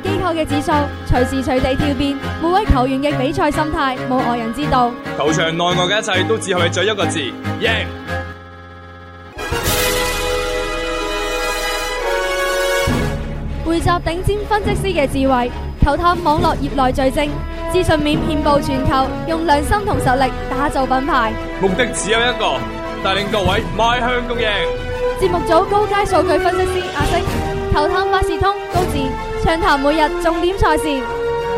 機構嘅指數隨時隨地跳變，每位球員嘅比賽心態冇外人知道。球場內外嘅一切都只係咗一個字：贏。匯集頂尖分析師嘅智慧，球探網絡業內最精，資訊面遍布全球，用良心同實力打造品牌。目的只有一個，帶領各位邁向共贏。節目組高階數據分析師阿星，球探百事通高智。暢談每日重點賽事，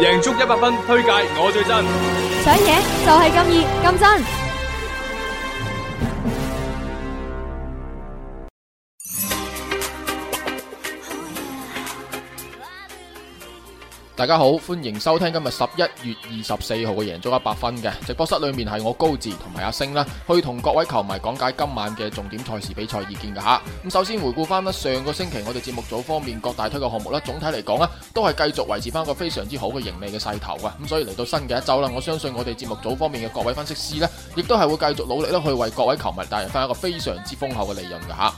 贏足一百分，推介我最真，想贏就係咁易咁真。大家好，歡迎收聽今日十一月二十四號嘅贏足一百分嘅直播室，裏面係我高志同埋阿星啦，去同各位球迷講解今晚嘅重點賽事比賽意見噶吓。咁首先回顧翻啦，上個星期我哋節目組方面各大推嘅項目啦，總體嚟講咧都係繼續維持翻一個非常之好嘅盈利嘅勢頭啊。咁所以嚟到新嘅一周啦，我相信我哋節目組方面嘅各位分析師呢，亦都係會繼續努力啦，去為各位球迷帶嚟翻一個非常之豐厚嘅利潤噶吓。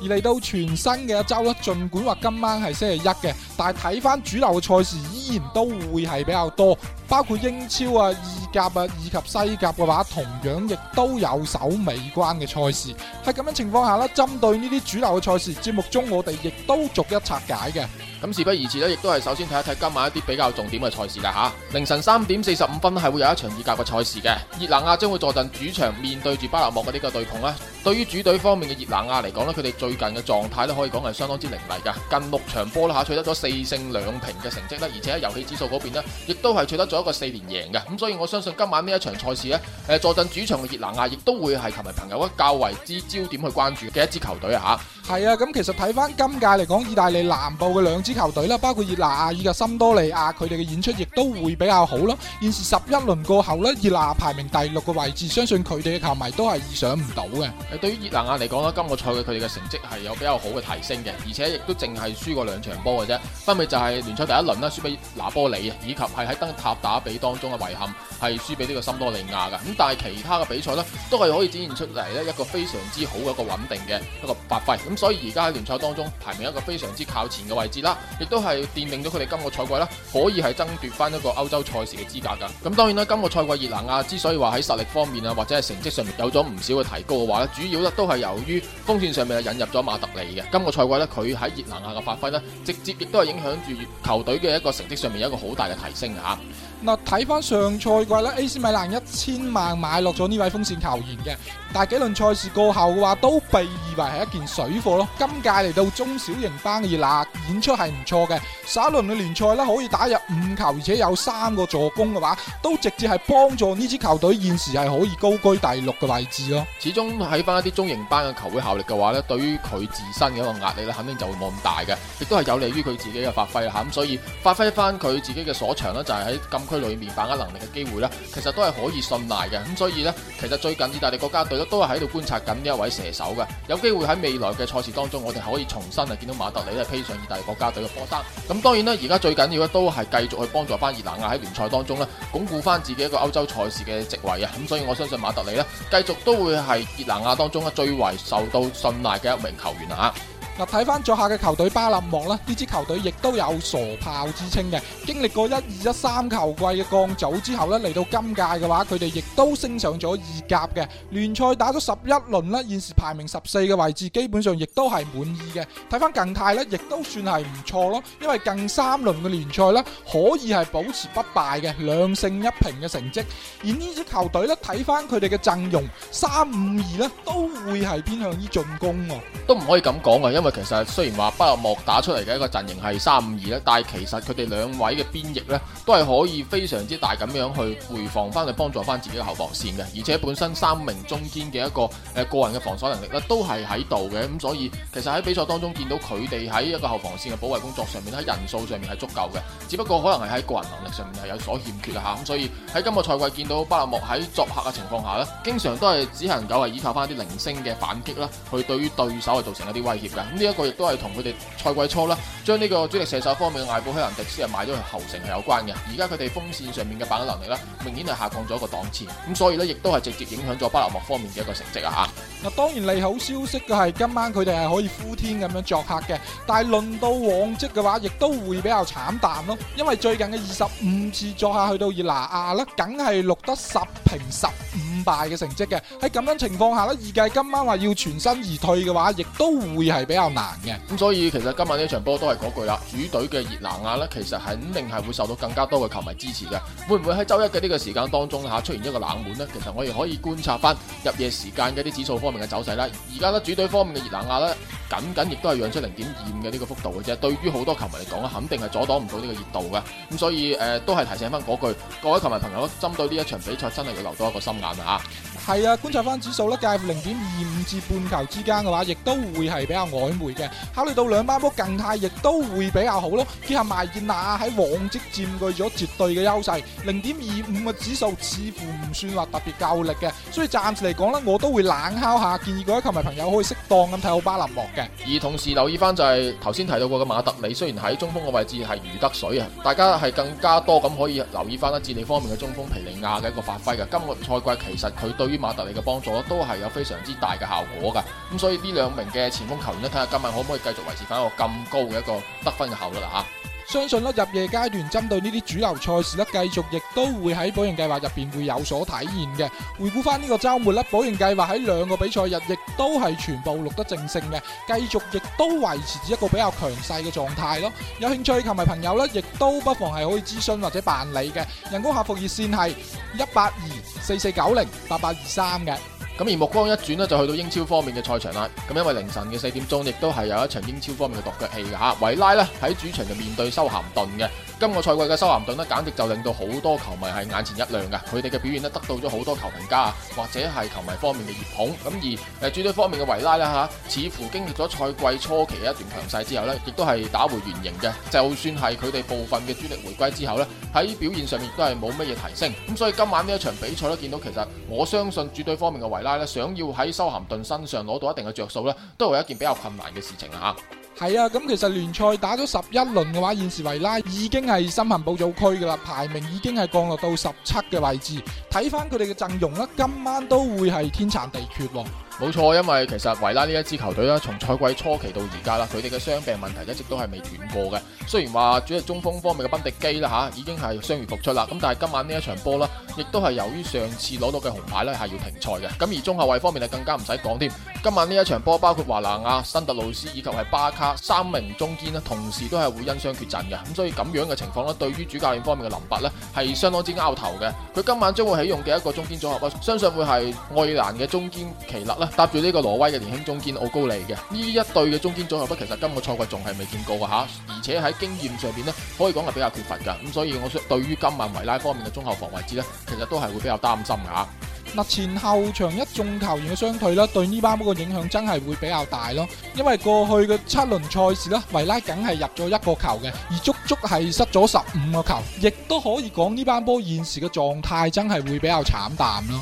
而嚟到全新嘅一周啦，盡管話今晚係星期一嘅。但係睇翻主流嘅賽事依然都會係比較多，包括英超啊、意甲啊以及西甲嘅話，同樣亦都有首美關嘅賽事。喺咁樣嘅情況下啦，針對呢啲主流嘅賽事，節目中我哋亦都逐一拆解嘅。咁事不宜遲啦，亦都係首先睇一睇今晚一啲比較重點嘅賽事啦吓，凌晨三點四十五分係會有一場意甲嘅賽事嘅，熱拿亞將會坐鎮主場面對住巴勒莫嘅呢個對碰啦。對於主隊方面嘅熱拿亞嚟講呢，佢哋最近嘅狀態咧可以講係相當之凌厲噶，近六場波啦嚇取得咗四勝兩平嘅成績啦，而且喺遊戲指數嗰邊呢，亦都係取得咗一個四連贏嘅，咁所以我相信今晚呢一場賽事呢，誒，坐鎮主場嘅熱那亞亦都會係球迷朋友咧較為之焦點去關注嘅一支球隊啊吓。係啊，咁其實睇翻今屆嚟講，意大利南部嘅兩支球隊啦，包括熱那亞以及森多利亞，佢哋嘅演出亦都會比較好咯。現時十一輪過後呢，熱那亞排名第六嘅位置，相信佢哋嘅球迷都係意想唔到嘅。誒，對於熱那亞嚟講啦，今個賽季佢哋嘅成績係有比較好嘅提升嘅，而且亦都淨係輸過兩場波嘅啫。分別就係聯賽第一輪啦，輸俾拿波里啊，以及係喺燈塔打比當中嘅遺憾係輸俾呢個森多利亞嘅。咁但係其他嘅比賽呢，都係可以展現出嚟呢一個非常之好嘅一個穩定嘅一個發揮。咁所以而家喺聯賽當中排名一個非常之靠前嘅位置啦，亦都係奠定咗佢哋今個賽季啦可以係爭奪翻一個歐洲賽事嘅資格嘅。咁當然啦，今個賽季熱那亞之所以話喺實力方面啊或者係成績上面有咗唔少嘅提高嘅話呢，主要呢都係由於鋒線上面啊引入咗馬特里嘅。今個賽季呢，佢喺熱那亞嘅發揮呢，直接亦都係。影響住球隊嘅一個成績上面有一個好大嘅提升吓、啊。嗱，睇翻上賽季咧，AC 米蘭一千萬買落咗呢位鋒線球員嘅。大幾輪賽事過後嘅話，都被以為係一件水貨咯。今屆嚟到中小型班嘅熱辣演出係唔錯嘅。首輪嘅聯賽可以打入五球，而且有三個助攻嘅話，都直接係幫助呢支球隊現時係可以高居第六嘅位置咯。始終睇翻一啲中型班嘅球會效力嘅話咧，對於佢自身嘅一個壓力咧肯定就會冇咁大嘅，亦都係有利於佢自己嘅發揮啦。咁所以發揮翻佢自己嘅所長就係、是、喺禁區裏面把握能力嘅機會啦。其實都係可以信賴嘅。咁所以呢，其實最近意大利國家隊都係喺度觀察緊呢一位射手嘅，有機會喺未來嘅賽事當中，我哋可以重新啊見到馬特里咧披上意大利國家隊嘅波衫。咁當然啦，而家最緊要咧都係繼續去幫助翻熱那亞喺聯賽當中咧鞏固翻自己一個歐洲賽事嘅席位啊！咁所以我相信馬特里咧繼續都會係熱那亞當中啊最為受到信賴嘅一名球員啊！嗱，睇翻作客嘅球隊巴勒莫咧，呢支球隊亦都有傻炮之稱嘅。經歷過一二一三球季嘅降組之後呢，嚟到今屆嘅話，佢哋亦都升上咗二甲嘅聯賽打，打咗十一輪呢，現時排名十四嘅位置，基本上亦都係滿意嘅。睇翻近態呢亦都算係唔錯咯，因為近三輪嘅聯賽呢，可以係保持不敗嘅兩勝一平嘅成績。而呢支球隊呢，睇翻佢哋嘅陣容三五二呢，3, 5, 2，都會係偏向於進攻喎。都唔可以咁講呀，因為，其實雖然話巴勒莫打出嚟嘅一個陣型係三五二啦，但係其實佢哋兩位嘅邊翼呢都係可以非常之大咁樣去回防翻去，幫助翻自己嘅後防線嘅。而且本身三名中堅嘅一個誒、呃、個人嘅防守能力咧都係喺度嘅。咁、嗯、所以其實喺比賽當中見到佢哋喺一個後防線嘅保衛工作上面，喺人數上面係足夠嘅。只不過可能係喺個人能力上面係有所欠缺啊。咁、嗯、所以喺今個賽季見到巴勒莫喺作客嘅情況下咧，經常都係只能夠係依靠翻啲零星嘅反擊啦，去對於對手係造成一啲威脅嘅。嗯呢一個亦都係同佢哋賽季初啦，將呢個主力射手方面嘅艾布希蘭迪斯啊買咗去後城係有關嘅。而家佢哋鋒線上面嘅把握能力啦，明顯係下降咗一個檔次。咁所以呢亦都係直接影響咗巴勒莫方面嘅一個成績啊！吓，嗱，當然利好消息嘅係今晚佢哋係可以呼天咁樣作客嘅，但係輪到往績嘅話，亦都會比較慘淡咯。因為最近嘅二十五次作客去到熱拿亞啦，梗係錄得十平十五。大嘅成績嘅，喺咁樣情況下呢，預計今晚話要全身而退嘅話，亦都會係比較難嘅。咁所以其實今晚呢場波都係嗰句啦，主隊嘅熱拿亞呢，其實肯定係會受到更加多嘅球迷支持嘅。會唔會喺周一嘅呢個時間當中嚇出現一個冷門呢？其實我哋可以觀察翻入夜時間嘅啲指數方面嘅走勢啦。而家呢，主隊方面嘅熱拿亞呢。僅僅亦都係讓出零點二五嘅呢個幅度嘅啫，對於好多球迷嚟講，肯定係阻擋唔到呢個熱度嘅，咁所以誒、呃、都係提醒翻嗰句，各位球迷朋友，針對呢一場比賽真係要留多一個心眼啊！係啊，觀察翻指數咧，介乎零點二五至半球之間嘅話，亦都會係比較曖昧嘅。考慮到兩班波近態，更亦都會比較好咯。結合埋熱拿亞喺往績佔據咗絕對嘅優勢，零點二五嘅指數似乎唔算話特別夠力嘅，所以暫時嚟講呢我都會冷敲下，建議各位球迷朋友可以適當咁睇好巴勒莫嘅。而同時留意翻就係頭先提到過嘅馬特里，雖然喺中鋒嘅位置係如魚得水啊，大家係更加多咁可以留意翻啦。智利方面嘅中鋒皮尼亞嘅一個發揮嘅，今個賽季其實佢對於馬特里嘅幫助都係有非常之大嘅效果噶，咁所以呢兩名嘅前鋒球員呢，睇下今晚可唔可以繼續維持翻一個咁高嘅一個得分嘅效率啦吓。相信咧，入夜階段，針對呢啲主流賽事咧，繼續亦都會喺保贏計劃入邊會有所體現嘅。回顧翻呢個周末咧，保贏計劃喺兩個比賽日亦都係全部錄得正勝嘅，繼續亦都維持住一個比較強勢嘅狀態咯。有興趣球迷朋友咧，亦都不妨係可以諮詢或者辦理嘅。人工客服熱線係一八二四四九零八八二三嘅。咁而目光一轉呢，就去到英超方面嘅賽場啦。咁因為凌晨嘅四點鐘，亦都係有一場英超方面嘅獨腳戲嘅嚇。維拉呢喺主場就面對修咸頓嘅。今個賽季嘅修咸頓呢，簡直就令到好多球迷係眼前一亮嘅。佢哋嘅表現呢，得到咗好多球評家或者係球迷方面嘅熱捧。咁而誒主隊方面嘅維拉呢嚇，似乎經歷咗賽季初期一段強勢之後呢，亦都係打回原形嘅。就算係佢哋部分嘅主力回歸之後呢，喺表現上面亦都係冇乜嘢提升。咁所以今晚呢一場比賽呢，見到其實我相信主隊方面嘅維拉。但想要喺修咸頓身上攞到一定嘅着數呢，都係一件比較困難嘅事情啊！係啊，咁其實聯賽打咗十一輪嘅話，現時維拉已經係深陷保組區噶啦，排名已經係降落到十七嘅位置。睇翻佢哋嘅陣容呢，今晚都會係天殘地缺喎。冇錯，因為其實維拉呢一支球隊啦，從賽季初期到而家啦，佢哋嘅傷病問題一直都係未斷過嘅。雖然話主力中鋒方面嘅賓迪基啦嚇已經係傷愈復出啦，咁但係今晚呢一場波啦，亦都係由於上次攞到嘅紅牌咧係要停賽嘅。咁而中後衞方面啊更加唔使講添，今晚呢一場波包括華蘭亞、新特魯斯以及係巴卡三名中堅呢，同時都係會因傷缺陣嘅。咁所以咁樣嘅情況咧，對於主教練方面嘅林伯呢，係相當之拗頭嘅。佢今晚將會起用嘅一個中堅組合啦，相信會係愛蘭嘅中堅奇勒啦。搭住呢個挪威嘅年輕中堅奧高利嘅呢一隊嘅中堅組合，不其實今個賽季仲係未見過㗎。吓，而且喺經驗上邊呢，可以講係比較缺乏噶。咁所以我對於今晚維拉方面嘅中後防位置呢，其實都係會比較擔心噶。嗱，前後場一眾球員嘅傷退呢，對呢班波嘅影響真係會比較大咯。因為過去嘅七輪賽事呢，維拉梗係入咗一個球嘅，而足足係失咗十五個球，亦都可以講呢班波現時嘅狀態真係會比較慘淡咯。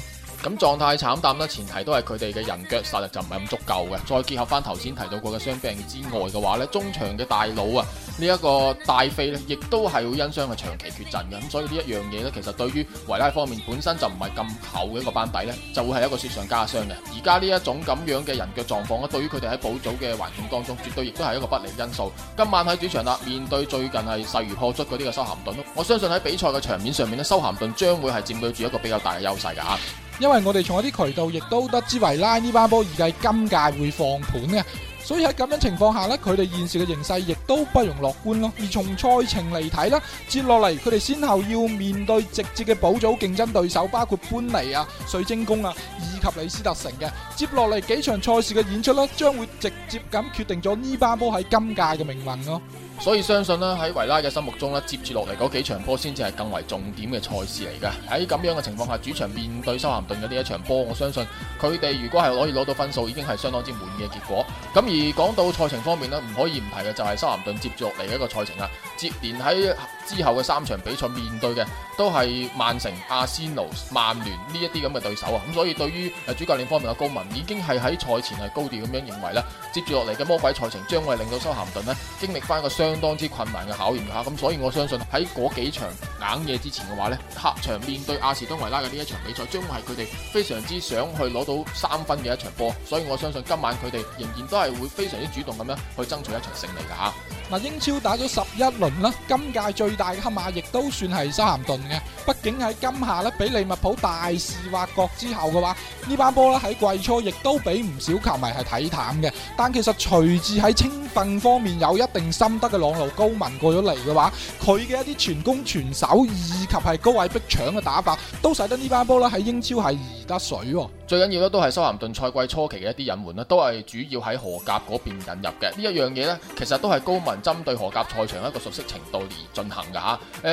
咁狀態慘淡啦，前提都係佢哋嘅人腳實力就唔係咁足夠嘅。再結合翻頭先提到過嘅傷病之外嘅話呢，中場嘅大佬啊，呢一個戴飛呢，亦都係會因傷係長期缺陣嘅。咁所以呢一樣嘢呢，其實對於維拉方面本身就唔係咁厚嘅一個班底呢，就會係一個雪上加霜嘅。而家呢一種咁樣嘅人腳狀況啊，對於佢哋喺保組嘅環境當中，絕對亦都係一個不利因素。今晚喺主場啦，面對最近係勢如破竹嗰啲嘅修咸頓咯，我相信喺比賽嘅場面上面呢，修咸頓將會係佔據住一個比較大嘅優勢㗎。因為我哋從一啲渠道亦都得知維拉呢班波預計今屆會放盤嘅，所以喺咁樣的情況下咧，佢哋現時嘅形勢亦都不容樂觀咯。而從賽程嚟睇咧，接落嚟佢哋先後要面對直接嘅保組競爭對手，包括般尼啊、水晶宮啊以及李斯特城嘅。接落嚟幾場賽事嘅演出咧，將會直接咁決定咗呢班波喺今屆嘅命運咯。所以相信咧喺維拉嘅心目中咧，接住落嚟嗰幾場波先至係更為重點嘅賽事嚟嘅。喺咁樣嘅情況下，主場面對修咸頓嘅呢一場波，我相信佢哋如果係可以攞到分數已經係相當之滿意嘅結果。咁而講到賽程方面咧，唔可以唔提嘅就係修咸頓接住落嚟嘅一個賽程啊！接連喺之後嘅三場比賽面對嘅都係曼城、阿仙奴、曼聯呢一啲咁嘅對手啊。咁所以對於主教練方面嘅高文，已經係喺賽前係高調咁樣認為咧，接住落嚟嘅魔鬼賽程將會令到修咸頓咧經歷翻個傷相當之困難嘅考驗吓，咁所以我相信喺嗰幾場硬嘢之前嘅話呢，客場面對阿士東維拉嘅呢一場比賽，將會係佢哋非常之想去攞到三分嘅一場波，所以我相信今晚佢哋仍然都係會非常之主動咁樣去爭取一場勝利嘅吓。嗱，英超打咗十一輪啦，今屆最大嘅黑馬亦都算係沙咸頓嘅，畢竟喺今夏咧俾利物浦大肆挖角之後嘅話，呢班波咧喺季初亦都俾唔少球迷係睇淡嘅，但其實隨住喺青訓方面有一定心得。兩路高文過咗嚟嘅話，佢嘅一啲全攻全守以及係高位逼搶嘅打法，都使得呢班波啦喺英超係宜得水喎。最緊要咧都係修咸頓賽季初期嘅一啲隱患啦，都係主要喺荷甲嗰邊引入嘅。呢一樣嘢呢，其實都係高文針對荷甲賽場一個熟悉程度嚟進行嘅嚇。誒、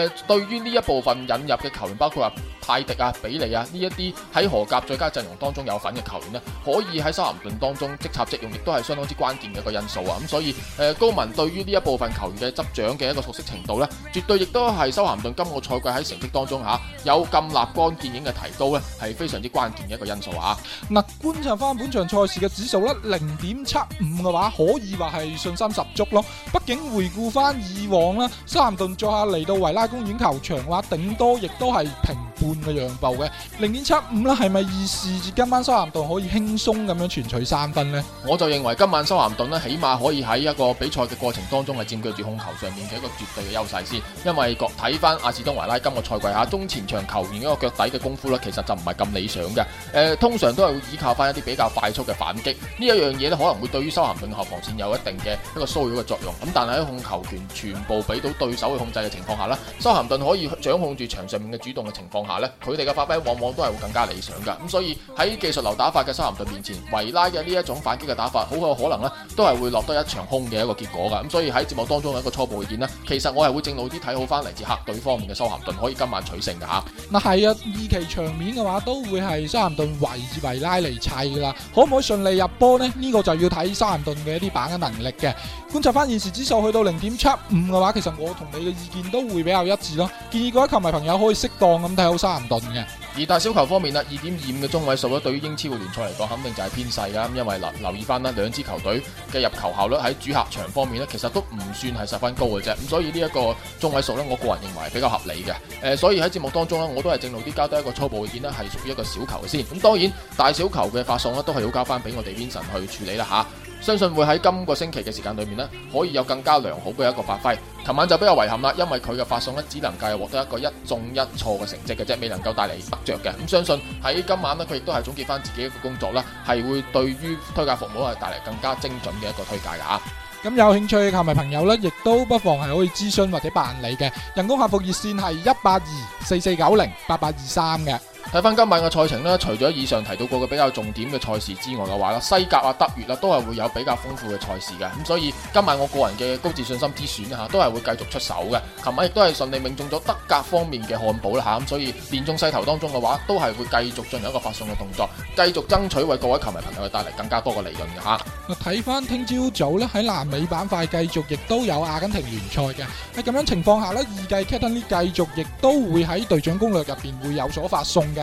啊，對於呢一部分引入嘅球員，包括話泰迪啊、比利啊呢一啲喺荷甲最佳陣容當中有份嘅球員咧，可以喺修咸頓當中即插即用，亦都係相當之關鍵嘅一個因素啊。咁所以誒、啊，高文對於呢一部分球員嘅執掌嘅一個熟悉程度呢，絕對亦都係修咸頓今個賽季喺成績當中嚇、啊、有咁立竿見影嘅提高咧，係非常之關鍵嘅一個因素啊。嗱、啊，觀察翻本場賽事嘅指數咧，零點七五嘅話，可以話係信心十足咯。畢竟回顧翻以往啦，三頓作客嚟到維拉公園球場嘅話，頂多亦都係平。半個讓步嘅零點七五啦，係咪預示住今晚修咸頓可以輕鬆咁樣全取三分呢？我就認為今晚修咸頓呢，起碼可以喺一個比賽嘅過程當中係佔據住控球上面嘅一個絕對嘅優勢先。因為睇翻阿士東維拉今個賽季嚇中前場球員嗰個腳底嘅功夫呢，其實就唔係咁理想嘅。誒，通常都係會依靠翻一啲比較快速嘅反擊，呢一樣嘢呢，可能會對於修咸頓嘅後防線有一定嘅一個騷擾嘅作用。咁但係喺控球權全部俾到對手去控制嘅情況下啦，修咸頓可以掌控住場上面嘅主動嘅情況下。佢哋嘅發揮往往都係會更加理想噶，咁所以喺技術流打法嘅沙咸頓面前，維拉嘅呢一種反擊嘅打法，好有可能呢都係會落得一場空嘅一個結果噶，咁所以喺節目當中有一個初步意見咧，其實我係會正路啲睇好翻嚟自客隊方面嘅沙咸頓可以今晚取勝嘅吓。嗱係啊，二期場面嘅話都會係沙咸頓維維拉嚟砌啦，可唔可以順利入波呢？呢個就要睇沙咸頓嘅一啲把握能力嘅。觀察翻現時指數去到零點七五嘅話，其實我同你嘅意見都會比較一致咯。建議各位球迷朋友可以適當咁睇好。三盾嘅，而大小球方面啦，二點二五嘅中位數咧，對於英超嘅聯賽嚟講，肯定就係偏細噶。咁因為留留意翻啦，兩支球隊嘅入球效率喺主客場方面咧，其實都唔算係十分高嘅啫。咁所以呢一個中位數咧，我個人認為比較合理嘅。誒，所以喺節目當中咧，我都係正路啲交低一個初步嘅意見咧，係屬於一個小球先。咁當然大小球嘅發送咧，都係要交翻俾我哋 Vincent 去處理啦吓。相信會喺今個星期嘅時間裏面呢可以有更加良好嘅一個發揮。琴晚就比較遺憾啦，因為佢嘅發送咧，只能夠係獲得一個一中一錯嘅成績嘅啫，未能夠帶嚟得着嘅。咁相信喺今晚呢，佢亦都係總結翻自己一個工作啦，係會對於推介服務係帶嚟更加精準嘅一個推介嘅吓。咁有興趣嘅球迷朋友呢，亦都不妨係可以諮詢或者辦理嘅。人工客服熱線係一八二四四九零八八二三嘅。睇翻今晚嘅賽程啦，除咗以上提到過嘅比較重點嘅賽事之外嘅話啦，西甲啊、德乙啊都係會有比較豐富嘅賽事嘅。咁所以今晚我個人嘅高自信心之選嚇，都係會繼續出手嘅。琴晚亦都係順利命中咗德甲方面嘅漢堡啦嚇，咁所以連中勢頭當中嘅話，都係會繼續進行一個發送嘅動作，繼續爭取為各位球迷朋友帶嚟更加多嘅利潤嘅嚇。睇翻聽朝早咧，喺南美板塊繼續亦都有阿根廷聯賽嘅。喺咁樣情況下呢，預計 c a t e n y 繼續亦都會喺隊長攻略入邊會有所發送嘅。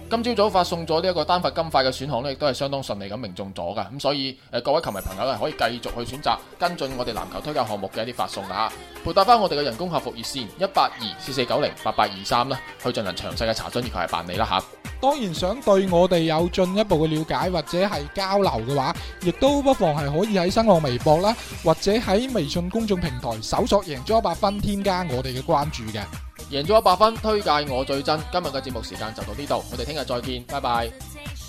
今朝早，早發送咗呢一個單發金塊嘅選項呢亦都係相當順利咁命中咗㗎。咁所以各位球迷朋友係可以繼續去選擇跟進我哋籃球推介項目嘅一啲發送啦嚇。撥打翻我哋嘅人工客服熱線一八二四四九零八八二三啦，23，去進行詳細嘅查詢以求係辦理啦嚇。當然想對我哋有進一步嘅了解或者係交流嘅話，亦都不妨係可以喺新浪微博啦，或者喺微，微信公眾平台搜索贏足 100FUN，添加我哋嘅關注嘅。贏足 100FUN，推介我最真。今日嘅節目時間就到呢度，我哋聽日再見，拜拜。